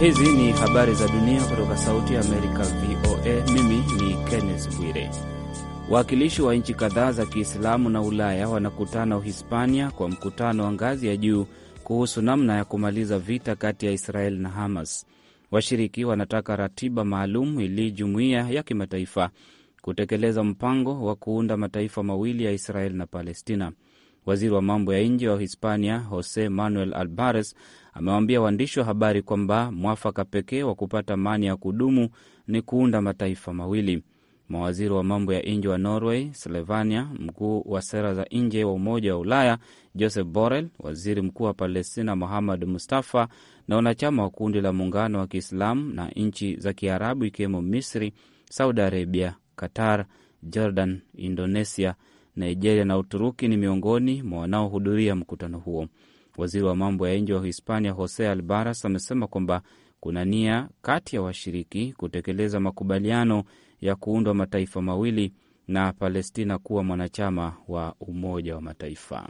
Hizi ni habari za dunia kutoka Sauti ya Amerika, VOA. Mimi ni Kenneth Bwire. Wawakilishi wa nchi kadhaa za Kiislamu na Ulaya wanakutana Uhispania kwa mkutano wa ngazi ya juu kuhusu namna ya kumaliza vita kati ya Israel na Hamas. Washiriki wanataka ratiba maalum ili jumuiya ya kimataifa kutekeleza mpango wa kuunda mataifa mawili ya Israel na Palestina. Waziri wa mambo ya nje wa Hispania Jose Manuel Albares amewaambia waandishi wa habari kwamba mwafaka pekee wa kupata amani ya kudumu ni kuunda mataifa mawili. Mawaziri wa mambo ya nje wa Norway, Slovenia, mkuu wa sera za nje wa Umoja wa Ulaya Joseph Borrell, waziri mkuu wa Palestina muhamad Mustafa na wanachama wa kundi la muungano wa Kiislamu na nchi za Kiarabu ikiwemo Misri, Saudi Arabia, Qatar, Jordan, Indonesia, Nigeria na Uturuki ni miongoni mwa wanaohudhuria mkutano huo. Waziri wa mambo ya nje wa Hispania Jose Albaras amesema kwamba kuna nia kati ya washiriki kutekeleza makubaliano ya kuundwa mataifa mawili na Palestina kuwa mwanachama wa Umoja wa Mataifa.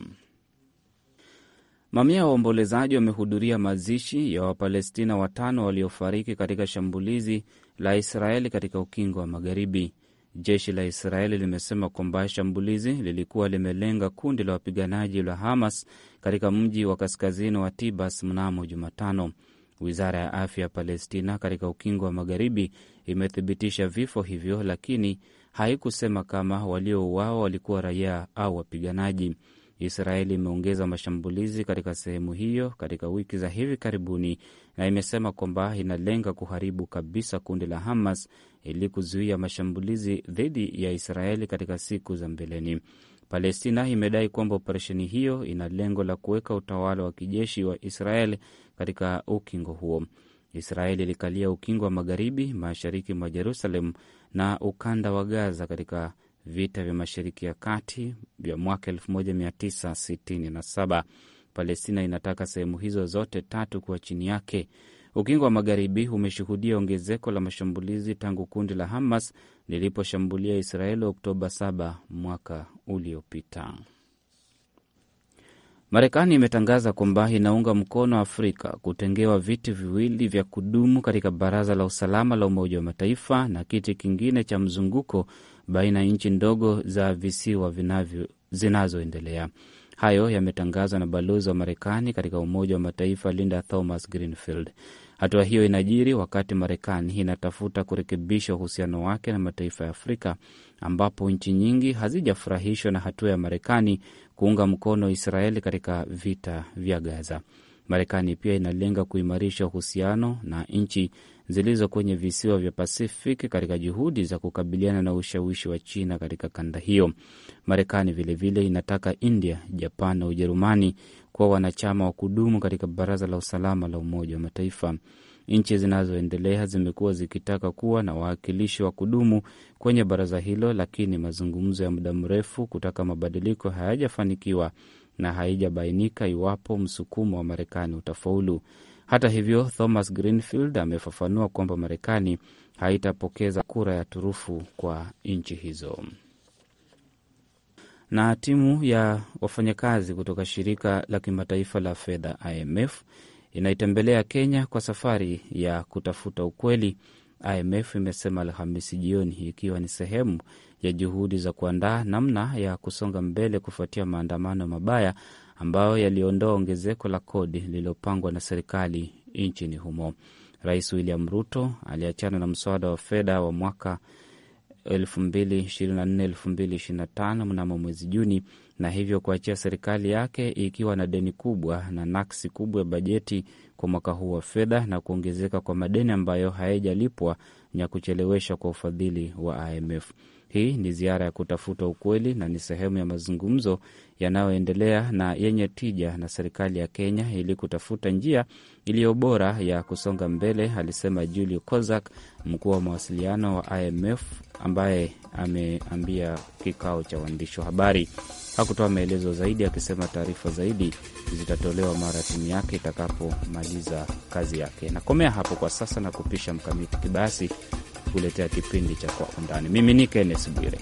Mamia ya waombolezaji wamehudhuria mazishi ya Wapalestina watano waliofariki katika shambulizi la Israeli katika Ukingo wa Magharibi. Jeshi la Israeli limesema kwamba shambulizi lilikuwa limelenga kundi la wapiganaji la Hamas katika mji wa kaskazini wa Tibas mnamo Jumatano. Wizara ya afya ya Palestina katika ukingo wa Magharibi imethibitisha vifo hivyo, lakini haikusema kama waliouawa walikuwa raia au wapiganaji. Israeli imeongeza mashambulizi katika sehemu hiyo katika wiki za hivi karibuni na imesema kwamba inalenga kuharibu kabisa kundi la Hamas ili kuzuia mashambulizi dhidi ya Israeli katika siku za mbeleni. Palestina imedai kwamba operesheni hiyo ina lengo la kuweka utawala wa kijeshi wa israel katika ukingo huo. Israeli ilikalia ukingo wa magharibi, mashariki mwa Jerusalem na ukanda wa Gaza katika vita vya Mashariki ya Kati vya mwaka 1967. Palestina inataka sehemu hizo zote tatu kuwa chini yake. Ukingo wa Magharibi umeshuhudia ongezeko la mashambulizi tangu kundi la Hamas liliposhambulia Israeli Oktoba 7 mwaka uliopita. Marekani imetangaza kwamba inaunga mkono Afrika kutengewa viti viwili vya kudumu katika Baraza la Usalama la Umoja wa Mataifa na kiti kingine cha mzunguko baina ya nchi ndogo za visiwa zinazoendelea. Hayo yametangazwa na balozi wa Marekani katika Umoja wa Mataifa Linda Thomas Greenfield. Hatua hiyo inajiri wakati Marekani inatafuta kurekebisha uhusiano wake na mataifa ya Afrika, ambapo nchi nyingi hazijafurahishwa na hatua ya Marekani kuunga mkono Israeli katika vita vya Gaza. Marekani pia inalenga kuimarisha uhusiano na nchi zilizo kwenye visiwa vya Pacific katika juhudi za kukabiliana na ushawishi wa China katika kanda hiyo. Marekani vilevile inataka India, Japan na Ujerumani kuwa wanachama wa kudumu katika Baraza la Usalama la Umoja wa Mataifa. Nchi zinazoendelea zimekuwa zikitaka kuwa na wawakilishi wa kudumu kwenye baraza hilo, lakini mazungumzo ya muda mrefu kutaka mabadiliko hayajafanikiwa na haijabainika iwapo msukumo wa Marekani utafaulu. Hata hivyo, Thomas Greenfield amefafanua kwamba Marekani haitapokeza kura ya turufu kwa nchi hizo. Na timu ya wafanyakazi kutoka shirika la kimataifa la fedha IMF inaitembelea Kenya kwa safari ya kutafuta ukweli, IMF imesema Alhamisi jioni, ikiwa ni sehemu ya juhudi za kuandaa namna ya kusonga mbele kufuatia maandamano mabaya ambayo yaliondoa ongezeko la kodi lililopangwa na serikali nchini humo. Rais William Ruto aliachana na mswada wa fedha wa mwaka 2024-2025 mnamo mwezi Juni na hivyo kuachia serikali yake ikiwa na deni kubwa na naksi kubwa ya bajeti kwa mwaka huu wa fedha na kuongezeka kwa madeni ambayo hayajalipwa na kuchelewesha kwa ufadhili wa IMF. Hii ni ziara ya kutafuta ukweli na ni sehemu ya mazungumzo yanayoendelea na yenye tija na serikali ya Kenya ili kutafuta njia iliyo bora ya kusonga mbele, alisema Julio Kozak, mkuu wa mawasiliano wa IMF ambaye ameambia kikao cha waandishi wa habari. Hakutoa maelezo zaidi, akisema taarifa zaidi zitatolewa mara timu yake itakapomaliza kazi yake. Nakomea hapo kwa sasa na kupisha Mkamiti Kibayasi kuletea kipindi cha Kwa Undani. Mimi ni Kennes Bwire.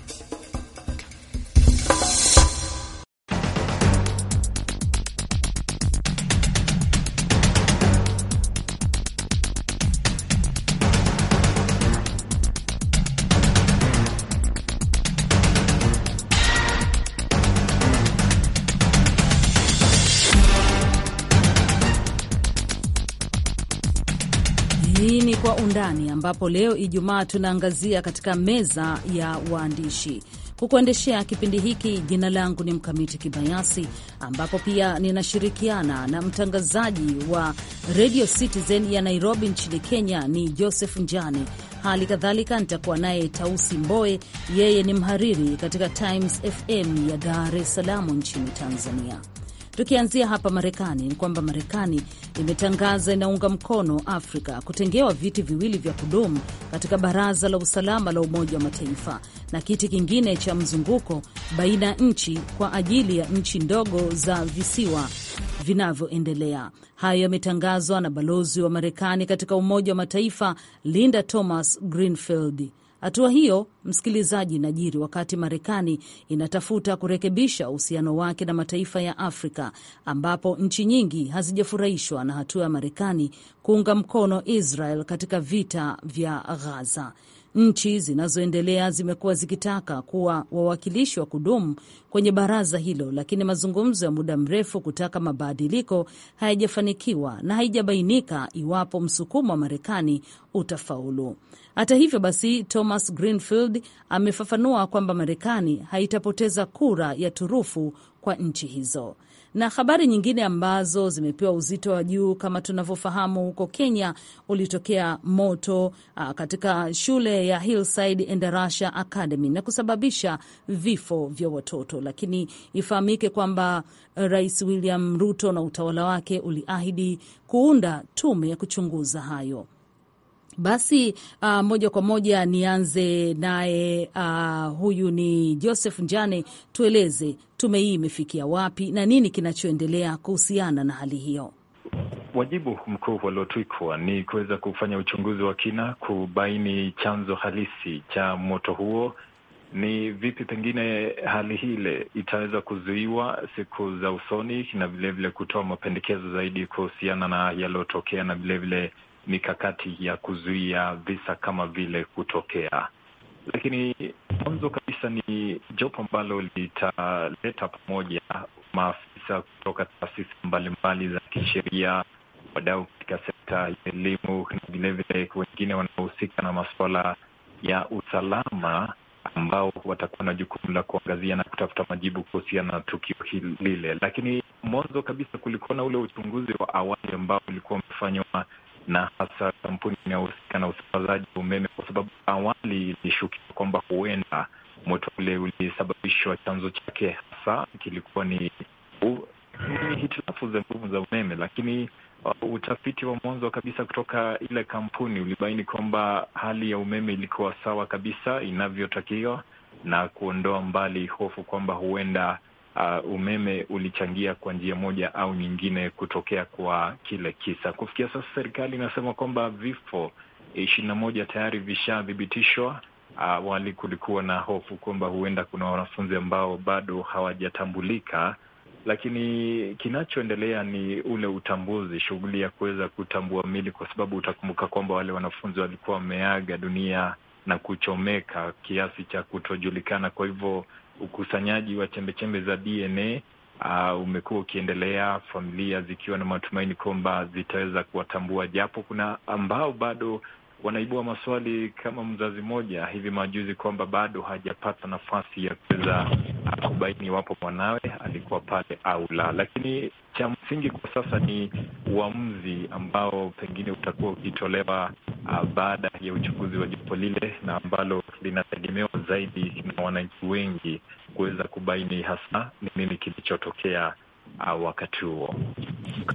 ambapo leo Ijumaa tunaangazia katika meza ya waandishi. Kukuendeshea kipindi hiki, jina langu ni Mkamiti Kibayasi, ambapo pia ninashirikiana na mtangazaji wa Radio Citizen ya Nairobi nchini Kenya ni Joseph Njane. Hali kadhalika nitakuwa naye Tausi Mboe, yeye ni mhariri katika Times FM ya Dar es Salaam nchini Tanzania. Tukianzia hapa Marekani, ni kwamba Marekani imetangaza inaunga mkono Afrika kutengewa viti viwili vya kudumu katika Baraza la Usalama la Umoja wa Mataifa na kiti kingine cha mzunguko baina ya nchi kwa ajili ya nchi ndogo za visiwa vinavyoendelea. Hayo yametangazwa na balozi wa Marekani katika Umoja wa Mataifa Linda Thomas Greenfield. Hatua hiyo msikilizaji, inajiri wakati Marekani inatafuta kurekebisha uhusiano wake na mataifa ya Afrika ambapo nchi nyingi hazijafurahishwa na hatua ya Marekani kuunga mkono Israel katika vita vya Gaza. Nchi zinazoendelea zimekuwa zikitaka kuwa wawakilishi wa kudumu kwenye baraza hilo, lakini mazungumzo ya muda mrefu kutaka mabadiliko hayajafanikiwa na haijabainika iwapo msukumo wa Marekani utafaulu. Hata hivyo basi, Thomas Greenfield amefafanua kwamba Marekani haitapoteza kura ya turufu kwa nchi hizo. Na habari nyingine ambazo zimepewa uzito wa juu kama tunavyofahamu, huko Kenya ulitokea moto a, ah, katika shule ya Hillside Endarasha Academy na kusababisha vifo vya watoto, lakini ifahamike kwamba Rais William Ruto na utawala wake uliahidi kuunda tume ya kuchunguza hayo. Basi uh, moja kwa moja nianze naye uh, huyu ni Joseph Njane, tueleze tume hii imefikia wapi na nini kinachoendelea kuhusiana na hali hiyo? Wajibu mkuu waliotwikwa ni kuweza kufanya uchunguzi wa kina kubaini chanzo halisi cha moto huo. Ni vipi pengine hali hile itaweza kuzuiwa siku za usoni, na vilevile kutoa mapendekezo zaidi kuhusiana na yaliyotokea na vilevile mikakati ya kuzuia visa kama vile kutokea. Lakini mwanzo kabisa ni jopo ambalo litaleta pamoja maafisa kutoka taasisi mbalimbali za kisheria, wadau katika sekta ya elimu na vilevile wengine wanaohusika na masuala ya usalama ambao watakuwa na jukumu la kuangazia na kutafuta majibu kuhusiana na tukio lile. Lakini mwanzo kabisa kulikuwa na ule uchunguzi wa awali ambao ulikuwa umefanywa na hasa kampuni inayohusika na usambazaji wa umeme, kwa sababu awali ilishukia kwamba huenda moto ule ulisababishwa, chanzo chake hasa kilikuwa ni hitilafu za nguvu za umeme, lakini uh, utafiti wa mwanzo kabisa kutoka ile kampuni ulibaini kwamba hali ya umeme ilikuwa sawa kabisa inavyotakiwa na kuondoa mbali hofu kwamba huenda uh, umeme ulichangia kwa njia moja au nyingine kutokea kwa kile kisa. Kufikia sasa serikali inasema kwamba vifo ishirini na moja tayari vishathibitishwa. Uh, awali kulikuwa na hofu kwamba huenda kuna wanafunzi ambao bado hawajatambulika, lakini kinachoendelea ni ule utambuzi, shughuli ya kuweza kutambua mili, kwa sababu utakumbuka kwamba wale wanafunzi walikuwa wameaga dunia na kuchomeka kiasi cha kutojulikana. Kwa hivyo ukusanyaji wa chembechembe za DNA uh, umekuwa ukiendelea, familia zikiwa na matumaini kwamba zitaweza kuwatambua, japo kuna ambao bado wanaibua maswali kama mzazi mmoja hivi majuzi kwamba bado hajapata nafasi ya kuweza uh, kubaini iwapo mwanawe alikuwa pale au la. Lakini cha msingi kwa sasa ni uamuzi ambao pengine utakuwa ukitolewa uh, baada ya uchunguzi wa jopo lile na ambalo linategemewa zaidi na wananchi wengi kuweza kubaini hasa ni nini kilichotokea uh, wakati huo.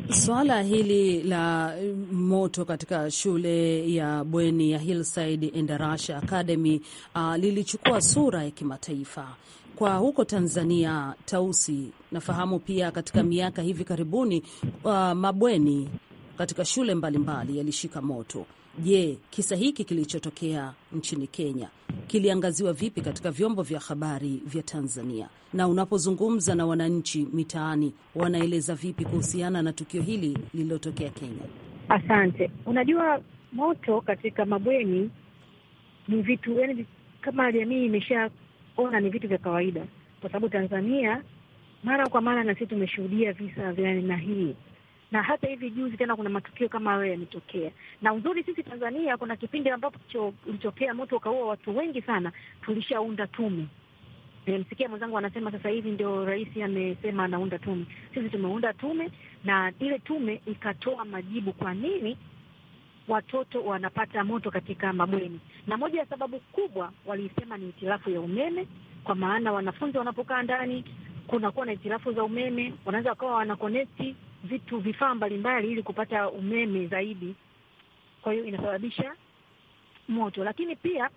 Swala hili la moto katika shule ya bweni ya Hillside Endarasha Academy uh, lilichukua sura ya kimataifa kwa huko Tanzania. Tausi, nafahamu pia katika miaka hivi karibuni uh, mabweni katika shule mbalimbali mbali yalishika moto. Je, kisa hiki kilichotokea nchini Kenya kiliangaziwa vipi katika vyombo vya habari vya Tanzania? Na unapozungumza na wananchi mitaani, wanaeleza vipi kuhusiana na tukio hili lililotokea Kenya? Asante. Unajua, moto katika mabweni ni vitu yani, kama jamii imeshaona ni vitu vya kawaida, kwa sababu Tanzania mara kwa mara na sisi tumeshuhudia visa vya aina hii na hata hivi juzi tena kuna matukio kama hayo yametokea. Na uzuri sisi Tanzania, kuna kipindi ambapo ulitokea moto ukaua watu wengi sana, tulishaunda tume. Nimemsikia mwenzangu anasema sasa hivi ndio rais amesema anaunda tume. Sisi tumeunda tume, na ile tume ikatoa majibu kwa nini watoto wanapata moto katika mabweni, na moja ya sababu kubwa waliisema ni hitilafu ya umeme, kwa maana wanafunzi wanapokaa ndani kunakuwa na hitilafu za umeme, wanaweza wakawa wanakonekti vitu vifaa mbalimbali ili kupata umeme zaidi, kwa hiyo inasababisha moto. Lakini pia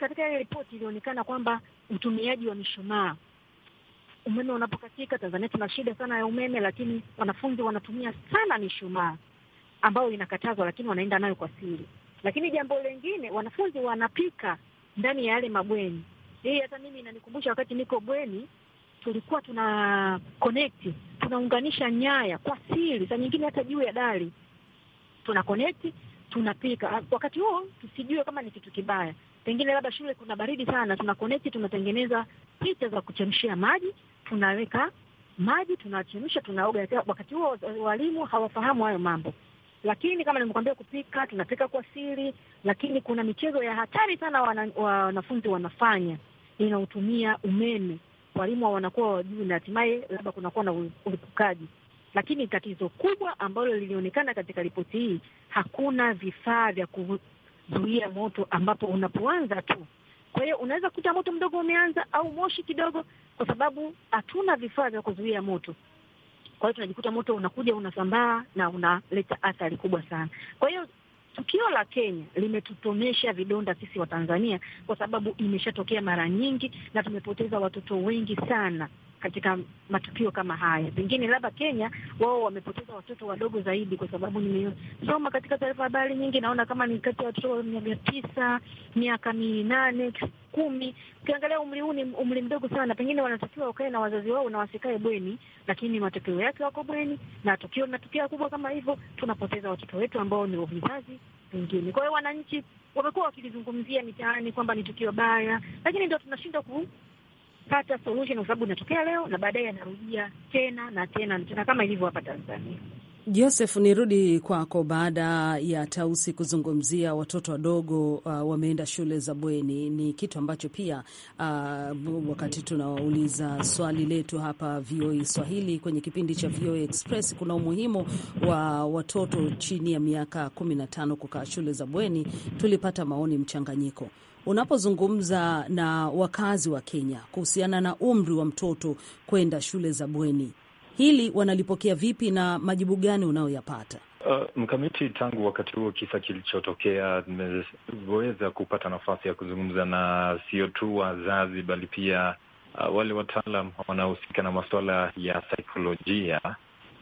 katika ile ripoti ilionekana kwamba utumiaji wa mishumaa, umeme unapokatika, Tanzania tuna shida sana ya umeme, lakini wanafunzi wanatumia sana mishumaa ambayo inakatazwa, lakini wanaenda nayo kwa siri. Lakini jambo lingine, wanafunzi wanapika ndani ya yale mabweni. Hii hata mimi inanikumbusha wakati niko bweni tulikuwa tuna connect tunaunganisha nyaya kwa siri, saa nyingine hata juu ya dari tuna connect, tunapika. Wakati huo tusijue kama ni kitu kibaya, pengine labda shule kuna baridi sana, tuna connect, tunatengeneza picha za kuchemshia maji, tunaweka maji tunachemsha, tunaoga. Wakati huo walimu hawafahamu hayo mambo, lakini kama nimekuambia, kupika tunapika kwa siri, lakini kuna michezo ya hatari sana wana, wanafunzi wanafanya inaotumia umeme walimu wanakuwa wajui na hatimaye labda kunakuwa na ulipukaji. Lakini tatizo kubwa ambalo lilionekana katika ripoti hii, hakuna vifaa vya kuzuia moto ambapo unapoanza tu. Kwa hiyo unaweza kukuta moto mdogo umeanza au moshi kidogo, kwa sababu hatuna vifaa vya kuzuia moto. Kwa hiyo tunajikuta moto unakuja unasambaa na unaleta athari kubwa sana. Kwa hiyo tukio la Kenya limetutonesha vidonda sisi wa tanzania kwa sababu imeshatokea mara nyingi na tumepoteza watoto wengi sana katika matukio kama haya. Pengine labda Kenya wao wamepoteza watoto wadogo zaidi, kwa sababu nimesoma katika taarifa habari nyingi, naona kama ni kati ya watoto miaka tisa, miaka minane, kumi. Ukiangalia umri huu ni umri mdogo sana, pengine wanatakiwa wakae na wazazi wao na wasikae bweni, lakini matokeo yake wako bweni, na tukio linatokea kubwa kama hivyo, tunapoteza watoto wetu ambao ni vizazi vingine. Kwa hiyo wananchi wamekuwa wakilizungumzia mitaani kwamba ni tukio baya, lakini ndio tunashindwa kupata solution, kwa sababu inatokea leo na baadaye anarudia tena na tena na tena kama ilivyo hapa Tanzania. Joseph, nirudi kwako baada ya Tausi kuzungumzia watoto wadogo uh, wameenda shule za bweni. Ni kitu ambacho pia uh, wakati tunawauliza swali letu hapa VOA e Swahili kwenye kipindi cha VOA e Express, kuna umuhimu wa watoto chini ya miaka 15 kukaa shule za bweni. Tulipata maoni mchanganyiko unapozungumza na wakazi wa Kenya kuhusiana na umri wa mtoto kwenda shule za bweni, hili wanalipokea vipi na majibu gani unayoyapata? Uh, mkamiti, tangu wakati huo kisa kilichotokea, nimeweza kupata nafasi ya kuzungumza na sio tu wazazi, bali pia uh, wale wataalam wanaohusika na masuala ya saikolojia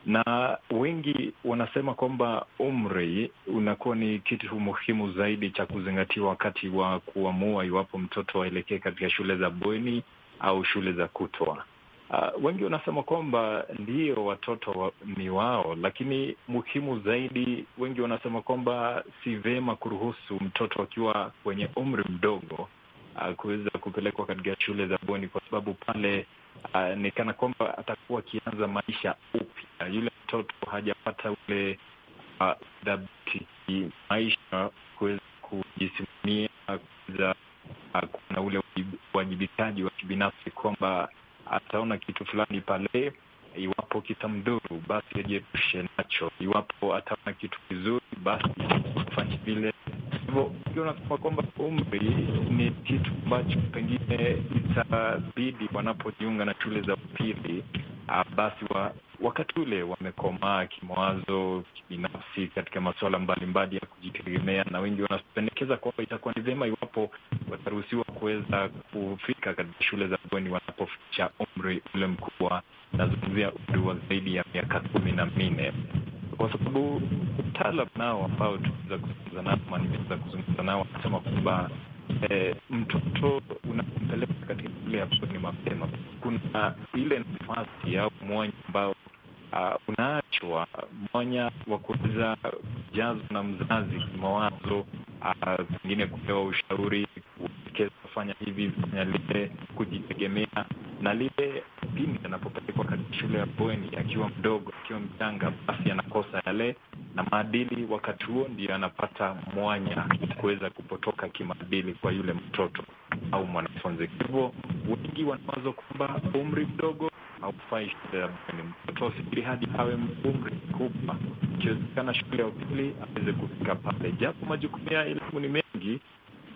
na wengi wanasema kwamba umri unakuwa ni kitu muhimu zaidi cha kuzingatia wakati wa kuamua iwapo mtoto aelekee katika shule za bweni au shule za kutwa. Uh, wengi wanasema kwamba ndiyo watoto wa, ni wao, lakini muhimu zaidi, wengi wanasema kwamba si vema kuruhusu mtoto akiwa kwenye umri mdogo uh, kuweza kupelekwa katika shule za bweni kwa sababu pale uh, ni kana kwamba atakuwa akianza maisha upya. Ah, yule mtoto hajapata ule uh, dhabiti maisha, kuweza kujisimamia, kuweza uh, kuwa na ule uwajibikaji wa kibinafsi kwamba ataona kitu fulani pale, iwapo kitamdhuru basi ajiepushe nacho, iwapo ataona kitu kizuri basi fanye vile hivyo ukiona unasema kwamba umri ni kitu ambacho pengine itabidi wanapojiunga na shule za upili ah, basi wa, wakati ule wamekomaa kimawazo, kibinafsi, katika masuala mbalimbali ya kujitegemea, na wengi wanapendekeza kwamba itakuwa ni vyema iwapo wataruhusiwa kuweza kufika katika shule za bweni wanapofikisha umri ule mkubwa, nazungumzia umri wa zaidi ya miaka kumi na minne kwa sababu utaalam nao ambao tunaweza kuzungumza nao, nimeweza kuzungumza nao, wanasema kwamba e, mtoto unapompeleka katika ya apsoni mapema, kuna ile nafasi au mwanya ambao Uh, unaachwa mwanya wa kuweza kujazwa na mzazi mawazo, pengine ah, uh, kupewa ushauri, kuelekeza, hivi, fanya lile, kujitegemea na lile pindi anapopelekwa katika shule ya bweni akiwa mdogo, akiwa mchanga, basi anakosa yale na maadili. Wakati huo ndio anapata mwanya kuweza kupotoka kimaadili kwa yule mtoto au mwanafunzi. Kwa hivyo wengi wanawaza kwamba umri mdogo haufai shule ya bweni, mtoto asikiri hadi awe umri mkubwa, ikiwezekana shule ya upili aweze kufika pale, japo majukumu ya elimu ni mengi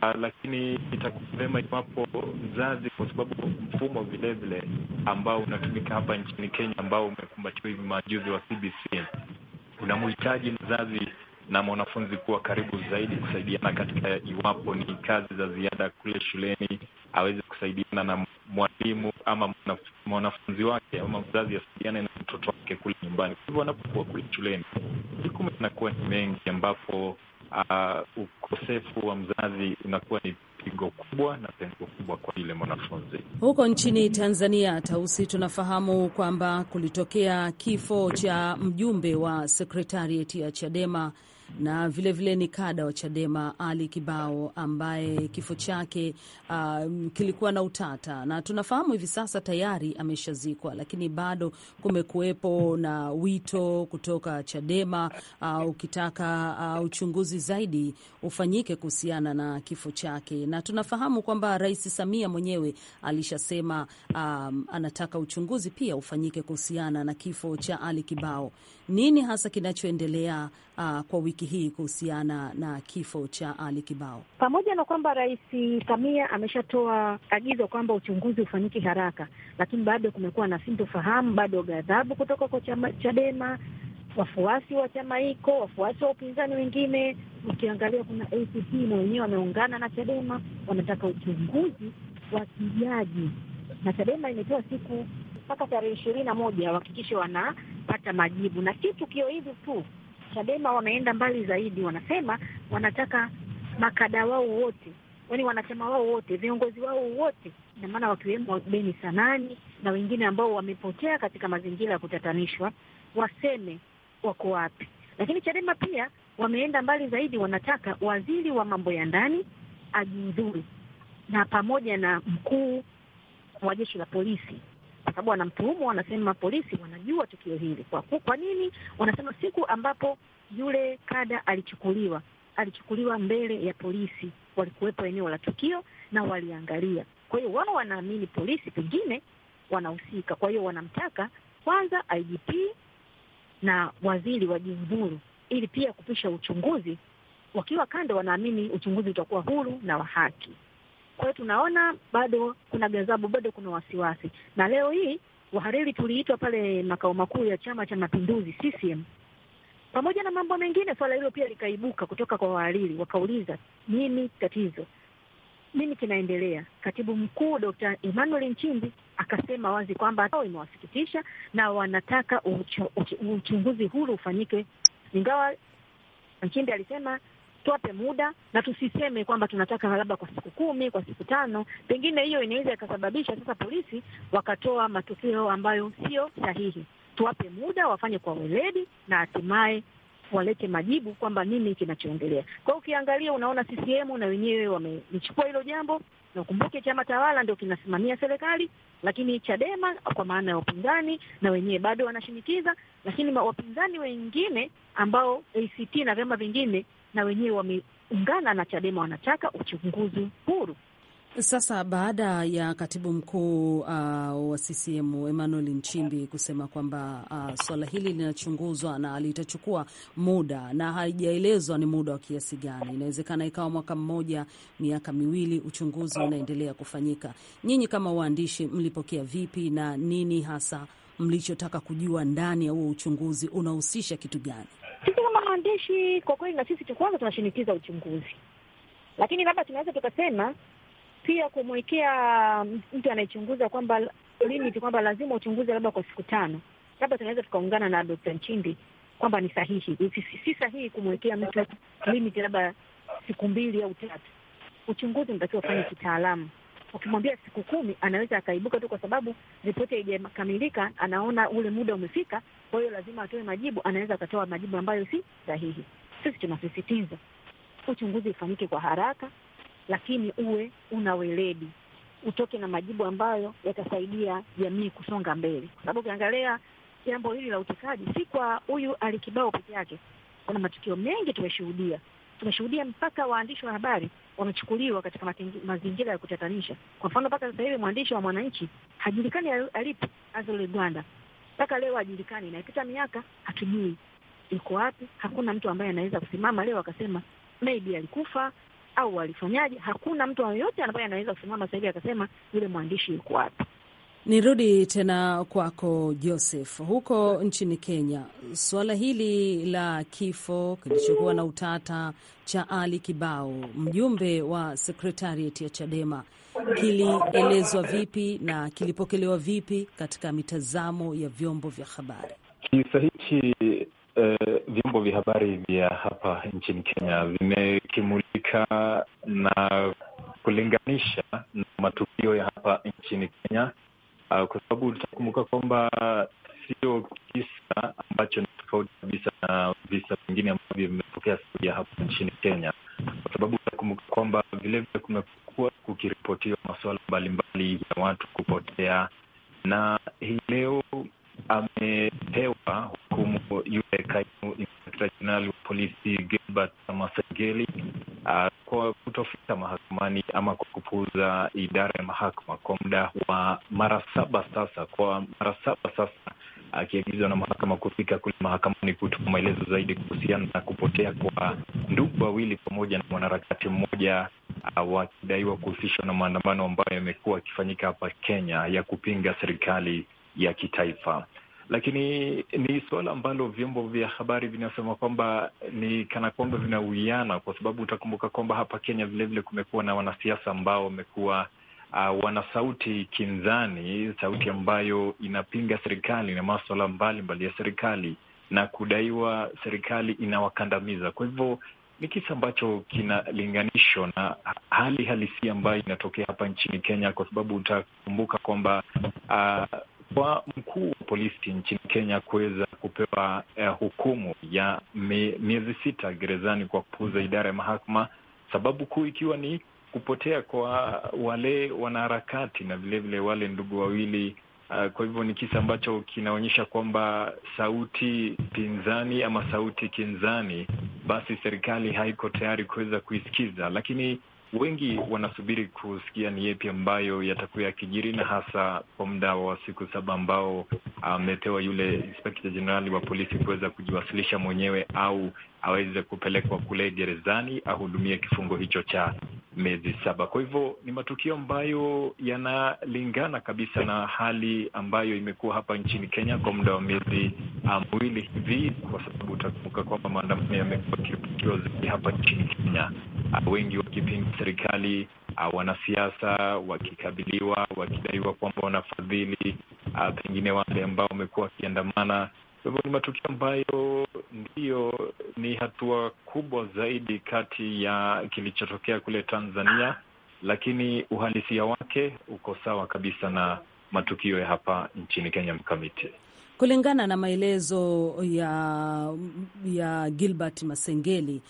Uh, lakini itakuwa vema iwapo mzazi, kwa sababu mfumo vilevile ambao unatumika hapa nchini Kenya, ambao umekumbatiwa hivi majuzi wa CBC, unamhitaji mzazi na mwanafunzi kuwa karibu zaidi, kusaidiana katika, iwapo ni kazi za ziada kule shuleni, aweze kusaidiana na mwalimu ama mwanafunzi wake, ama mzazi asaidiane na mtoto wake kule nyumbani. Kwa hivyo wanapokuwa kule shuleni, jukumu inakuwa ni mengi ambapo uh, ukosefu wa mzazi unakuwa ni pigo kubwa na pengo kubwa kwa yule mwanafunzi. Huko nchini Tanzania, Tausi, tunafahamu kwamba kulitokea kifo cha mjumbe wa sekretarieti ya Chadema na vilevile vile ni kada wa Chadema Ali Kibao ambaye kifo chake uh, kilikuwa na utata, na tunafahamu hivi sasa tayari ameshazikwa, lakini bado kumekuwepo na wito kutoka Chadema uh, ukitaka uh, uchunguzi zaidi ufanyike kuhusiana na kifo chake, na tunafahamu kwamba Rais Samia mwenyewe alishasema um, anataka uchunguzi pia ufanyike kuhusiana na kifo cha Ali Kibao nini hasa kinachoendelea uh, kwa wiki hii kuhusiana na kifo cha Ali Kibao? Pamoja na kwamba Rais Samia ameshatoa agizo kwamba uchunguzi ufanyike haraka, lakini bado kumekuwa na sintofahamu, bado ghadhabu kutoka kwa chama Chadema, wafuasi wa chama hiko, wafuasi wa upinzani wengine. Ukiangalia kuna ACT na wenyewe wameungana na Chadema, wanataka uchunguzi wa kijaji na Chadema imetoa siku mpaka tarehe ishirini na moja wahakikishe wanapata majibu, na si tukio hivi tu. Chadema wameenda mbali zaidi, wanasema wanataka makada wao wote, yaani wanachama wao wote, viongozi wao wote, ina maana wakiwemo Beni Sanani na wengine ambao wamepotea katika mazingira ya kutatanishwa, waseme wako wapi. Lakini Chadema pia wameenda mbali zaidi, wanataka waziri wa mambo ya ndani ajiuzuru na pamoja na mkuu wa jeshi la polisi kwa sababu wanamtuhumu, wanasema polisi wanajua tukio hili. Kwa, kwa nini? Wanasema siku ambapo yule kada alichukuliwa alichukuliwa mbele ya polisi, walikuwepo eneo la tukio na waliangalia. Kwa hiyo wao wanaamini polisi pengine wanahusika, kwa hiyo wanamtaka kwanza IGP na waziri wajiuzuru, ili pia kupisha uchunguzi. Wakiwa kando, wanaamini uchunguzi utakuwa huru na wa haki. Kwa hiyo tunaona bado kuna gazabu, bado kuna wasiwasi, na leo hii wahariri tuliitwa pale makao makuu ya Chama cha Mapinduzi CCM pamoja na mambo mengine, swala hilo pia likaibuka kutoka kwa wahariri, wakauliza nini tatizo, nini kinaendelea. Katibu mkuu Dr. Emmanuel Nchimbi akasema wazi kwamba imewasikitisha na wanataka uchunguzi huru ufanyike, ingawa Nchimbi alisema tuwape muda na tusiseme kwamba tunataka labda kwa siku kumi, kwa siku tano. Pengine hiyo inaweza ikasababisha sasa polisi wakatoa matokeo ambayo sio sahihi. Tuwape muda wafanye kwa weledi na hatimaye walete majibu kwamba nini kinachoendelea. Kwa hiyo ukiangalia, unaona CCM na wenyewe wamelichukua hilo jambo, na ukumbuke chama tawala ndio kinasimamia serikali, lakini Chadema kwa maana ya wapinzani na wenyewe bado wanashinikiza, lakini wapinzani wengine ambao ACT na vyama vingine na wenyewe wameungana na Chadema, wanataka uchunguzi huru. Sasa baada ya katibu mkuu uh, wa CCM Emmanuel Nchimbi kusema kwamba uh, swala hili linachunguzwa na litachukua muda na haijaelezwa ni muda wa kiasi gani, inawezekana ikawa mwaka mmoja, miaka miwili, uchunguzi unaendelea kufanyika. Nyinyi kama waandishi mlipokea vipi na nini hasa mlichotaka kujua ndani ya huo uchunguzi unahusisha kitu gani? waandishi kwa kweli, na sisi kwanza tunashinikiza uchunguzi, lakini labda tunaweza tukasema pia kumwekea mtu anayechunguza kwamba limit kwamba lazima uchunguze labda kwa siku tano, labda tunaweza tukaungana na Dr. Nchimbi kwamba ni sahihi si, si sahihi kumwekea mtu limit labda siku mbili au tatu. Uchunguzi unatakiwa ufanye kitaalamu ukimwambia siku kumi anaweza akaibuka tu, kwa sababu ripoti haijakamilika, anaona ule muda umefika, kwa hiyo lazima atoe majibu. Anaweza akatoa majibu ambayo si sahihi. Sisi tunasisitiza uchunguzi ufanyike kwa haraka, lakini uwe una weledi, utoke na majibu ambayo yatasaidia jamii kusonga mbele, kwa sababu ukiangalia jambo hili la utekaji si kwa huyu alikibao peke yake. Kuna matukio mengi tumeshuhudia, tumeshuhudia mpaka waandishi wa habari wamechukuliwa katika mazingira ya kutatanisha. Kwa mfano, mpaka sasa hivi mwandishi wa Mwananchi hajulikani alipo Azory Gwanda, mpaka leo hajulikani, inapita miaka, hatujui yuko wapi. Hakuna mtu ambaye anaweza kusimama leo akasema maybe alikufa au alifanyaje. Hakuna mtu yoyote ambaye anaweza kusimama sasa hivi akasema yule mwandishi yuko wapi. Nirudi tena kwako Joseph, huko nchini Kenya, suala hili la kifo kilichokuwa na utata cha Ali Kibao, mjumbe wa sekretariat ya Chadema, kilielezwa vipi na kilipokelewa vipi katika mitazamo ya vyombo vya habari? Kisa hichi uh, eh, vyombo vya habari vya hapa nchini Kenya vimekimulika na kulinganisha na matukio ya hapa nchini Kenya uh, kwa sababu utakumbuka kwamba sio kisa ambacho ni tofauti kabisa na visa vingine ambavyo vimetokea Saudia hapa nchini Kenya, kwa sababu utakumbuka kwamba vilevile kumekuwa kukiripotiwa masuala mbalimbali ya watu kupotea, na hii leo amepewa hukumu yule kaimu inspekta jenerali wa polisi Gilbert Masegeli uh, ah, kwa kutofika mahakama mahakamani ama kupuuza idara ya mahakama kwa muda wa mara saba sasa, kwa mara saba sasa, akiagizwa na mahakama kufika kule mahakamani kutoa maelezo zaidi kuhusiana na kupotea kwa ndugu wawili pamoja na mwanaharakati mmoja ah, wakidaiwa kuhusishwa na maandamano ambayo yamekuwa yakifanyika hapa Kenya ya kupinga serikali ya kitaifa lakini ni suala ambalo vyombo vya habari vinasema kwamba ni kana kwamba vinauiana, kwa sababu utakumbuka kwamba hapa Kenya vilevile kumekuwa na wanasiasa ambao wamekuwa Uh, wana sauti kinzani, sauti ambayo inapinga serikali na maswala mbalimbali ya serikali na kudaiwa serikali inawakandamiza. Kwa hivyo ni kisa ambacho kinalinganishwa na hali halisia ambayo inatokea hapa nchini Kenya, kwa sababu utakumbuka kwamba uh, kwa mkuu wa polisi nchini Kenya kuweza kupewa eh, hukumu ya miezi sita gerezani kwa kupuuza idara ya mahakama, sababu kuu ikiwa ni kupotea kwa wale wanaharakati na vilevile wale ndugu wawili. Eh, kwa hivyo ni kisa ambacho kinaonyesha kwamba sauti pinzani ama sauti kinzani, basi serikali haiko tayari kuweza kuisikiza. Lakini wengi wanasubiri kusikia ni yepi ambayo yatakuwa yakijiri, na hasa kwa muda wa siku saba ambao ah, amepewa yule inspekta jenerali wa polisi kuweza kujiwasilisha mwenyewe au aweze kupelekwa kule gerezani ahudumie kifungo hicho cha miezi saba. Kwa hivyo ni matukio ambayo yanalingana kabisa na hali ambayo imekuwa hapa nchini Kenya kwa muda wa miezi ah, miwili hivi, kwa sababu utakumbuka kwamba maandamano yamekuwa yakiripotiwa zaidi hapa nchini Kenya wengi wakipinga serikali, ah, wanasiasa wakikabiliwa, wakidaiwa kwamba wanafadhili ah, pengine wale ambao wamekuwa wakiandamana. Kwa hivyo ni matukio ambayo ndiyo ni hatua kubwa zaidi kati ya kilichotokea kule Tanzania, lakini uhalisia wake uko sawa kabisa na matukio ya hapa nchini Kenya. Mkamiti Kulingana na maelezo ya, ya Gilbert Masengeli,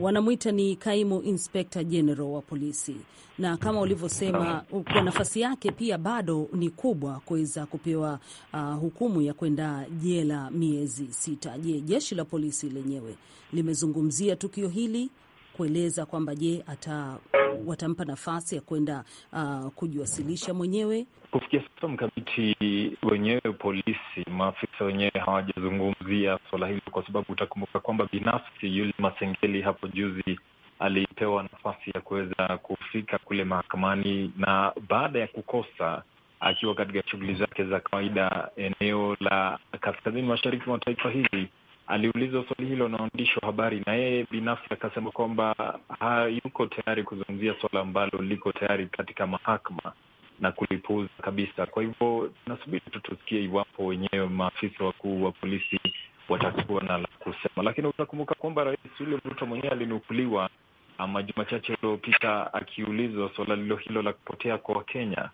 wanamwita ni kaimu inspekta general wa polisi, na kama ulivyosema, kwa nafasi yake pia bado ni kubwa kuweza kupewa uh, hukumu ya kwenda jela miezi sita. Je, jeshi la polisi lenyewe limezungumzia tukio hili kueleza kwamba je, ata watampa nafasi ya kwenda uh, kujiwasilisha mwenyewe. Kufikia sasa mkamiti wenyewe polisi, maafisa wenyewe hawajazungumzia swala hilo, kwa sababu utakumbuka kwamba binafsi yule Masengeli hapo juzi alipewa nafasi ya kuweza kufika kule mahakamani na baada ya kukosa akiwa katika shughuli zake za kawaida eneo la kaskazini mashariki mwa taifa hili aliulizwa swali hilo na waandishi wa habari, na yeye binafsi akasema kwamba hayuko tayari kuzungumzia swala ambalo liko tayari katika mahakama na kulipuuza kabisa. Kwa hivyo tunasubiri tu tusikie iwapo wenyewe maafisa wakuu wa polisi watakuwa na la kusema, lakini utakumbuka kwamba Rais William Ruto mwenyewe alinukuliwa juma chache iliyopita akiulizwa suala lilo hilo la kupotea kwa Wakenya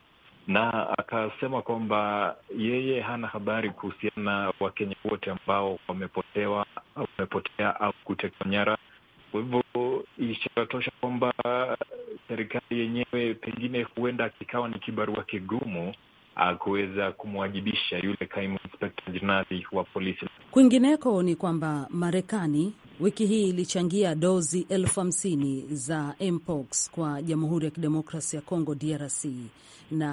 na akasema kwamba yeye hana habari kuhusiana na Wakenya wote ambao wamepotewa, wamepotea au kutekwa nyara. Kwa hivyo ishara tosha kwamba serikali yenyewe pengine huenda kikawa ni kibarua kigumu ah, kuweza kumwajibisha yule kaimu inspekta jenerali wa polisi. Kwingineko ni kwamba Marekani wiki hii ilichangia dozi elfu hamsini za mpox kwa Jamhuri ya Kidemokrasia ya Kongo, DRC. Na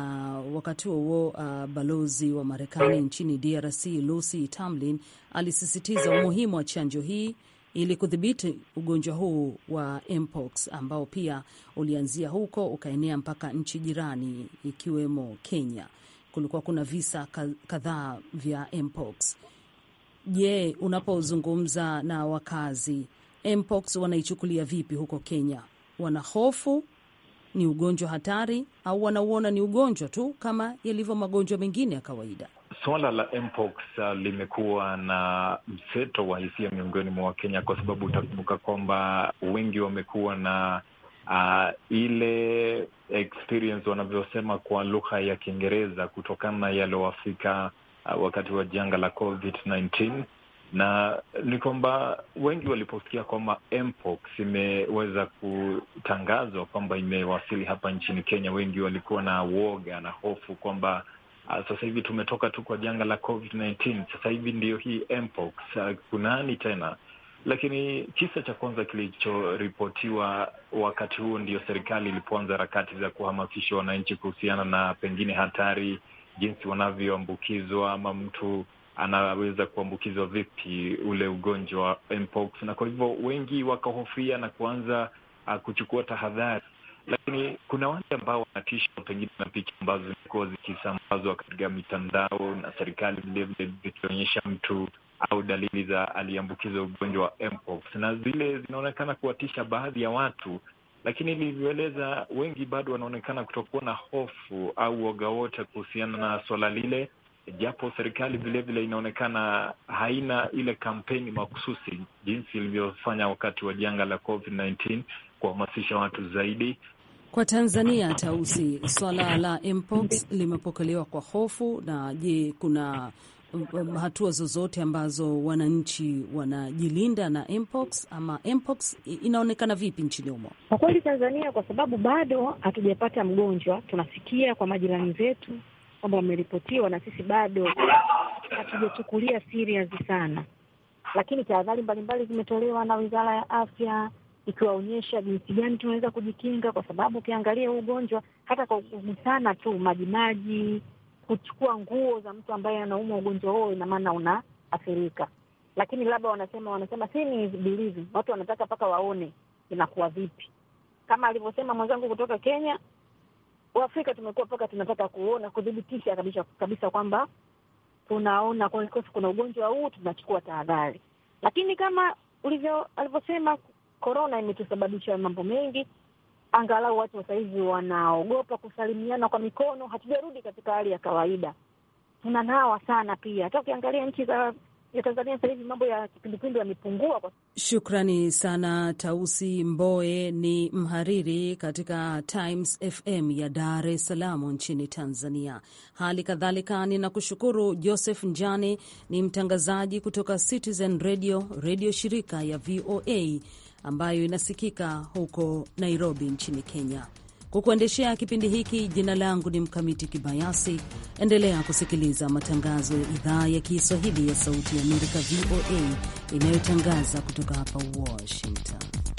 wakati huo huo, uh, balozi wa Marekani nchini DRC Lucy Tamlin alisisitiza umuhimu wa chanjo hii ili kudhibiti ugonjwa huu wa mpox ambao pia ulianzia huko ukaenea mpaka nchi jirani ikiwemo Kenya. Kulikuwa kuna visa kadhaa vya mpox. Je, unapozungumza na wakazi mpox wanaichukulia vipi huko Kenya? Wana hofu ni ugonjwa hatari au wanauona ni ugonjwa tu kama yalivyo magonjwa mengine ya kawaida? Suala la mpox uh, limekuwa na mseto wa hisia miongoni mwa Wakenya kwa sababu utakumbuka kwamba wengi wamekuwa na uh, ile experience wanavyosema kwa lugha ya Kiingereza kutokana na yaliyowafika Uh, wakati wa janga la COVID-19 na ni kwamba wengi waliposikia kwamba mpox imeweza kutangazwa kwamba imewasili hapa nchini Kenya, wengi walikuwa na woga na hofu kwamba uh, sasa hivi tumetoka tu kwa janga la COVID-19, sasa hivi ndiyo hii mpox uh, kunani tena? Lakini kisa cha kwanza kilichoripotiwa wakati huo, ndio serikali ilipoanza harakati za kuhamasisha wananchi kuhusiana na pengine hatari jinsi wanavyoambukizwa ama mtu anaweza kuambukizwa vipi ule ugonjwa wa mpox, na kwa hivyo wengi wakahofia na kuanza uh, kuchukua tahadhari, lakini kuna wale ambao wanatishwa pengine na picha ambazo zimekuwa zikisambazwa katika mitandao na serikali vilevile, zikionyesha mtu au dalili za aliyeambukizwa ugonjwa wa mpox, na zile zinaonekana kuwatisha baadhi ya watu lakini ilivyoeleza, wengi bado wanaonekana kutokuwa na hofu au woga wote kuhusiana na swala lile, japo serikali vilevile inaonekana haina ile kampeni makususi jinsi ilivyofanya wakati wa janga la COVID-19 kuhamasisha watu zaidi. Kwa Tanzania Tausi, swala la mpox limepokelewa kwa hofu, na je, kuna Um, hatua zozote ambazo wananchi wanajilinda na mpox ama mpox inaonekana vipi nchini humo? Kwa kweli Tanzania, kwa sababu bado hatujapata mgonjwa, tunasikia kwa majirani zetu kwamba wameripotiwa, na sisi bado hatujachukulia serious sana, lakini tahadhari mbalimbali zimetolewa na Wizara ya Afya ikiwaonyesha jinsi gani tunaweza kujikinga, kwa sababu ukiangalia huu ugonjwa hata kwa kugusana tu majimaji kuchukua nguo za mtu ambaye anaumwa ugonjwa huo, ina maana unaathirika. Lakini labda wanasema wanasema seeing ni believing, watu wanataka mpaka waone inakuwa vipi. Kama alivyosema mwenzangu kutoka Kenya, Waafrika tumekuwa mpaka tunataka kuona, kudhibitisha kabisa kabisa kwamba tunaona kuna ugonjwa huu, tunachukua tahadhari. Lakini kama ulivyo alivyosema, korona imetusababisha mambo mengi, angalau watu wa sahizi wanaogopa kusalimiana kwa mikono. Hatujarudi katika hali ya kawaida, tunanawa sana pia. Hata ukiangalia nchi za ya Tanzania sasa hivi mambo ya kipindupindu yamepungua. Shukrani sana. Tausi Mboe ni mhariri katika Times FM ya Dar es Salaam nchini Tanzania. Hali kadhalika ninakushukuru Joseph Njane, ni mtangazaji kutoka Citizen Radio, redio shirika ya VOA ambayo inasikika huko Nairobi nchini Kenya. kuendeshea kipindi hiki, jina langu ni Mkamiti Kibayasi. Endelea kusikiliza matangazo ya idhaa ya Kiswahili ya Sauti ya Amerika, VOA, inayotangaza kutoka hapa Washington.